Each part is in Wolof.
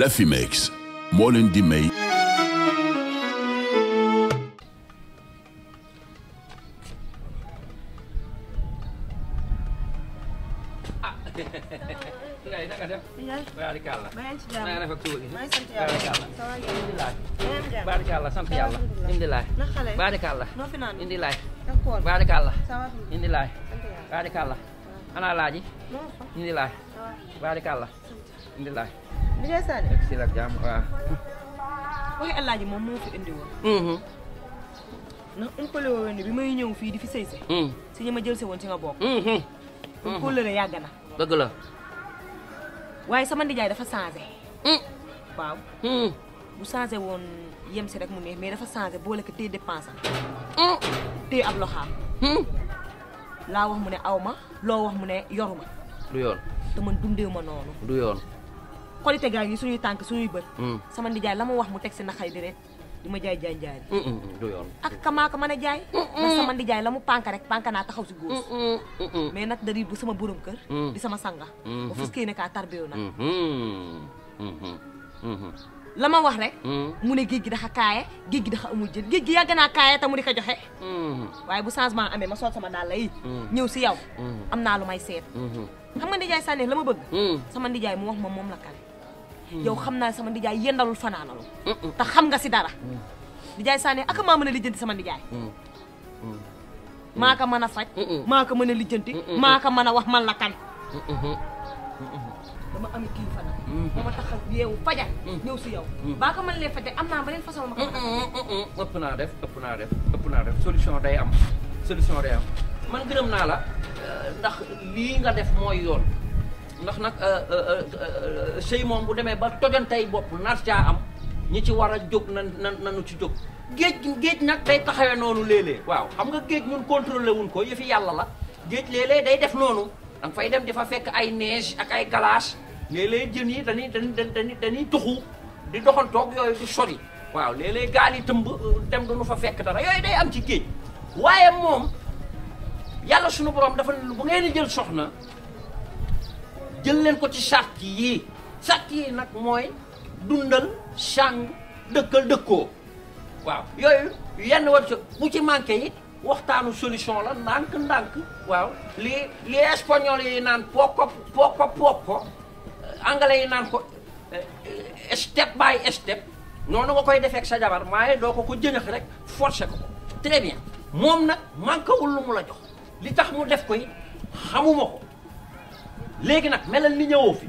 la Fimex moo leen di may. baarikàlla sant yàlla indi laay baarikàlla indi laay baarikàlla indi laay baarikàlla laaji indi laay baarikàlla indi laay Bijay Sané. ak si la jàmm waaw. waxi ni mm-hmm. bi may ñëw fii di fi sëy si. Mm. ma jël si woon si nga bokk. Mm-hmm. un mm-hmm. yàgg na. dëgg sama nijaay dafa changé. Mm. Mm. bu changé woon yem si rek mu neex mais dafa changé boole ko téye dépense wax mu ne aw ma loo wax mu ne yoru ma. du yoon te man dundee ma noonu. du yoon. qualité gaay yi suñuy tank suñuy bët mm. sama nijaay la mu wax mu tek ci naxay di rek di ma jaay jaay hmm mm, mm, du yoon ak kama ko mën jaay ndax sama nijaay la mu rek pank na taxaw hmm hmm mais nak dari bu sama borom keur di sama sanga ba mm-hmm. fuskee ne kaa tarbiyo nag mm-hmm. mm-hmm. lama wax rek mu ne geeg gi dafa kaaye geeg gi dafa amul jën geeg gi yàgg naa kaaye ta mu di ko joxe waye bu changement amé ma sool sama dal lay ñew ci yow amna lu may seet xam nga nijaay sané lama bëgg sama nijaay mu wax ma mom la kale Hmm. yow xam naa sama ndijaay yendalul fanaanalu te xam nga si dara mm. ndijaay saane ak maa mën a sama ndijaay mm. mm. maa ko mën a faj maa ko mën a lijjanti maa ko mën a wax man la kan dama dama taxal yeewu ñëw si yow baa ko mën lee fajal am naa beneen façon ma ëpp naa def ëpp naa def ëpp naa def solution day am solution day am man gërëm naa la euh, ndax lii nga def mooy yoon ndax nag euh, euh, euh, sëy moom bu demee ba tojantey bopp nar caa am ñi ci war a jóg na na nanu ci jóg géej géej nag day taxawee noonu léeg-léeg waaw xam nga géej ñun contrôlé wuñ ko yëfi yàlla la géej léeg-léeg day def noonu danga fay dem di fa fekk ay neige ak ay glace léeg-léeg jën yi dañuy dañuy dañuy tuxu di doxantoog yooyu di sori waaw léeg-léeg gaal yi tëmb dem duñu fa fekk dara yooyu day am ci géej waaye moom yàlla suñu borom dafa ne bu ngeen di jël soxna jël leen ko ci charte yii charte yii nag mooy dundal sàng dëkkal dëkkoo waaw yooyu yenn war bu ci manqué yi waxtaanu solution la ndànk-ndànk waaw li lii espagnol yi naan poco poco poco eh, anglais yi naan ko eh, eh, step by step noonu nga koy defee sa jabar maaye doo ko ko jëñëx rek forcé ko ko très bien moom nag manqué wul lu mu la jox li tax mu def ko it xamuma ko léegi nag melal ni ñëwoo fi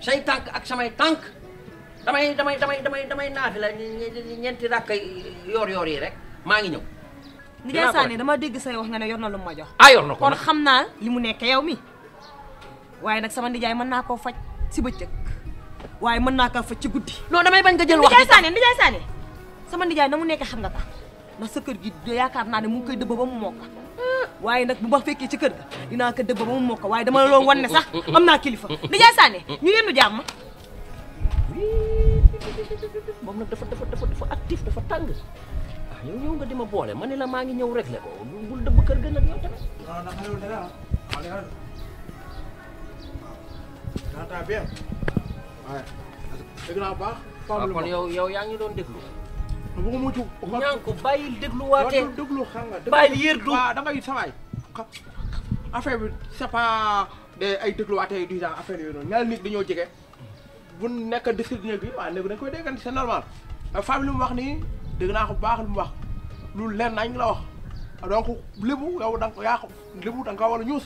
say tànk ak samay tànk damay damay damay damay damay naafi la ñeenti ràkk yoor yoor yi rek maa ngi ñëw ni jaay Sané dama dégg say wax nga ne yor na lu ma jox ah yor na ko kon xam naa li mu nekke yow mi waaye nag sama nijaay mën naa koo faj si bëccëg waaye mën naa koo faj ci guddi non damay bañ nga jël wax ni jaay Sané ni jaay Sané sama nijaay na mu nekke xam na tax ndax sa kër gi yaakaar naa ne mu ngi koy dëbb ba mu mokk waye nak bu ma fekke ci kër ga dina ka deug ba mu moko waye dama la lo wonne sax amna kilifa Ndiaye Sané ñu yennu jamm mom nak dafa dafa dafa dafa actif dafa tang ah yow ñëw nga dima bolé mané la ma ngi ñëw réglé ko bu dëbb kër ga nak yow tamit non non xalewul dara xalewul data ah, bien waaye dëgg naa baax ah, kon yow yow yaa ngi doon bu ko muccu ñaan ko bàyyi déglu waatee déglu xam nga bàyyi yërdu waaw damay samay affaire bi c'est pas de ay déglu waatee du genre affaire yooyu noonu ñaari nit dañoo jege bu nekk discuté néeg bi waaw néeg dañ koy déggante c'est normal femme li mu wax nii dégg naa ko bu baax li mu wax lu leen nañ la wax donc lébu yow da nga ko yaa ko lébu da nga ko war a ñuus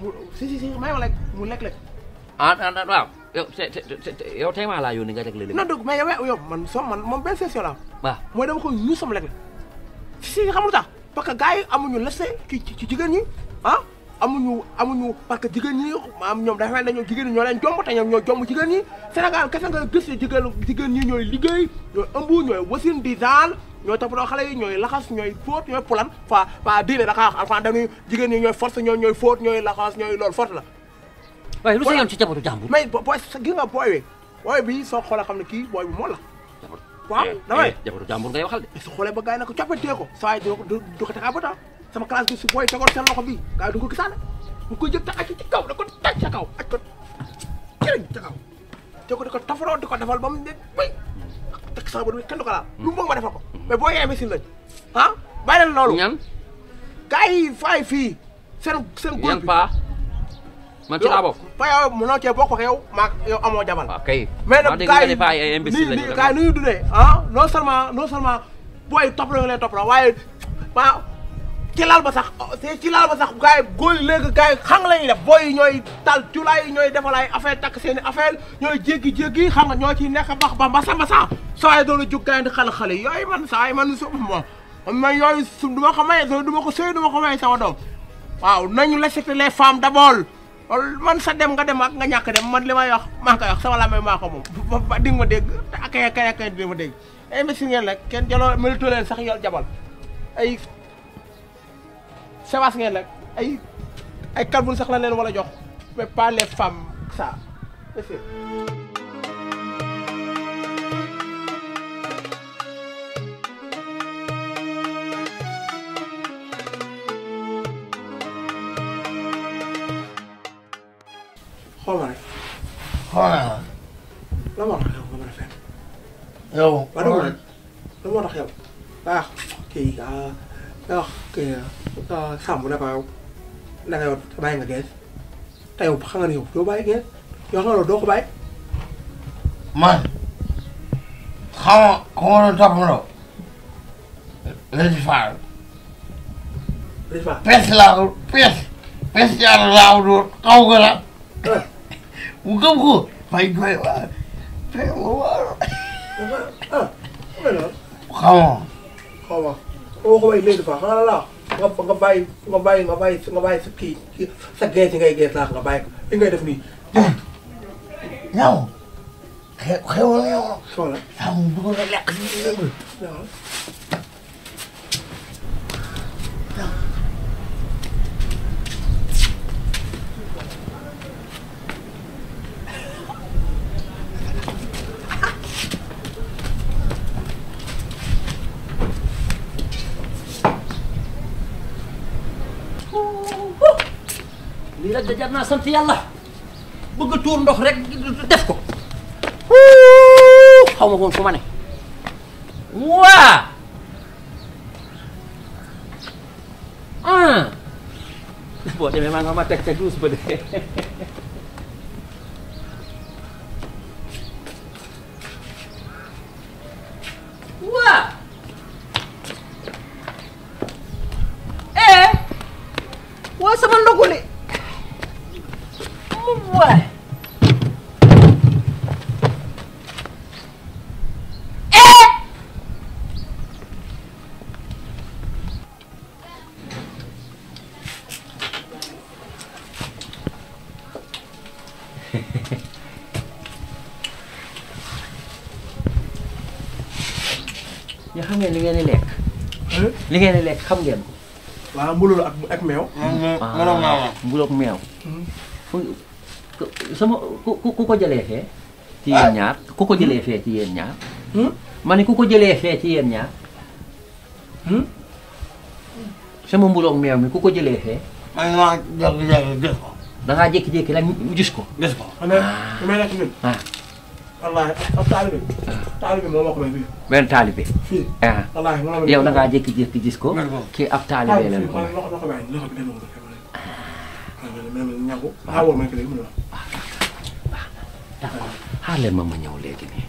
mu si si si may ma lekk mu lekk lekk ah ah waaw yow te te yow tey maa laa yónni nga teg léegi non dëgg mais yow man so man moom benn session la waaw mooy dama koy ñuusam lekk si xam nga tax parce que gaay yi amuñu lese ci ci jigéen ñi ah amuñu amuñu parce que jigéen ñi am ñom dafa mel ne jigéen ñoo leen jom ta ñom ñoo jomb jigéen ñi senegal kese nga gis jigéen jigéen ñi ñoy liggéey ñoy ëmb ñoy wasin di daal ñooy toppatoo xale yi ñooy laxas ñoy fort ñooy plan fa fa diine da kaa wax alxuraan dañuy jigéen ñi ñoy force ñoy ñoy fort ñoy laxas ñoy lool fort la way lu sa ñam ci jabatu jàmbur mais boy gi nga boy way bi so xol xamne ki boy booy bi moo la waaw damay eh, jabaru eh, ya jàmbur ngay waxal de eh, su xoolee ba gaay na ko coppatee ko saa yi du ko taxaa ba sama classe bi su booy tegoon seen loxo bi gaay du ko gisaane bu ko jël taxaj ci kaw da ko taj ca kaw aj ko jëriñ ca kaw te ko di ko tafaroo di ko defal ba ne bay tak sama bët bi kenn du ko laal lu mu ma defal mais boo yee machine lañ ah bàyyi leen loolu ñan gaay yi faay fii seen seen groupe bi man ci laa bokk. fa yow mënoo cee bokk ak yow maa yow amoo jabar. waaw ah, kay mais nag gars yi gars yi nu ñu dundee ah non seulement non waaye ma ci laal ba sax ci laal ba sax gars yi góor yi léegi gars yi lañuy def booy yi ñooy tal culaay yi ñooy defal ay affaire takk seen i affaire ñooy jéggi-jéggi xam nga ñoo ciy nekk bax ba mbasa mbasa saa yi doon jug gars yi di xale xale yooyu man saa yi man su man yooyu su du ma ko maye du ma ko sëy du ma ko maye sama doom waaw nañu respecté les femmes man sa dem nga dem ak nga ñàkk dem man li may wax maa koy wax sama làmmiñ maa ko moom di nga ma dégg te ak kay ak kay di ma dégg investir ngeen rek kenn jaloo melitu leen sax yol jabal ay sewas ngeen rek ay ay carbone sax la leen wala jox mais pas les femmes ça mën a fen. yow ba dama rek lu moo tax yow ah kii ah kii ah xam ne ko da wax bàyyi nga gees te yow nga ne yow doo bàyyi gees yoo xam ne nga ku ma doon toppandoo. Régis Fall. Régis Fall pes laa ko pes pes jaar laa ko doon xaw ko la. mu gëm ko. may ah xaw ma. xaw ma léegi fa xanaa la nga nga bàyyi nga bàyyi nga bàyyi nga bàyyi sa kii sa gees yi ngay gees laax nga bàyyi ko li ngay def nii. ñaaw xew xewul ñaaw. xew la. lekk tedd jar naa sant yàlla ya bëgg tuur ndox rek def ko xaw ma woon ne waa ah boo demee maa nga ma teg ca duus de waa eh waa sama ndogu li ñu xam ngeen li ngeen di lekk. li ngeen di lekk xam ngeen ko. ak ak meew. Ah, mbulul ak meew. Hmm. fu sama ku ko jëlee fee. ci yéen ah! ñaar ku ko jëlee hmm? fee ci yéen ñaar. Hmm? ma ne ku ko jëlee fee ci yéen ñaar. sama mbulul ak meew mi ku ko jëlee fee. da ngaa jékki-jékki rek mu gis ko. gis ko xam nga li ah. may nekk ñun. Ah. wallaahi ab taalibe. taalibe moom moo ko may fii. benn taalibe. fii ah. wallaahi moom yow da leen ma ma ñëw léegi nii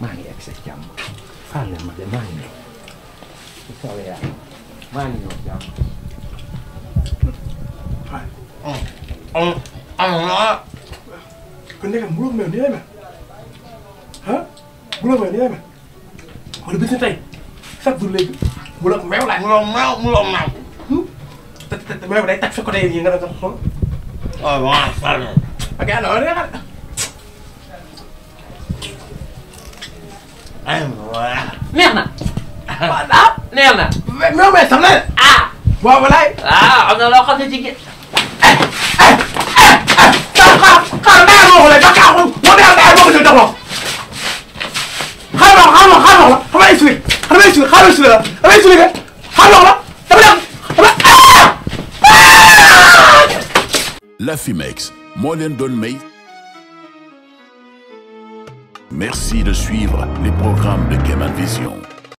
maa ngi egg sa 어, 아, 근데 내가 물어보면 니 해봐. 어? 물어보면 니 해봐. 우리 무슨 사이? 싹 둘레. 물어 매우 나 물어 매우 물어 나. 매우 나 딱서 거래 이런 거라서. 어, 와, 살아. 아까 너 내가 아유, 뭐야. 미안해. 맞아? 미안해. 매우 매우 삼래. 아. 와, 뭐래? 아, 오늘 너 컨텐츠 La Fimex moo Merci de suivre les programmes de Game Vision.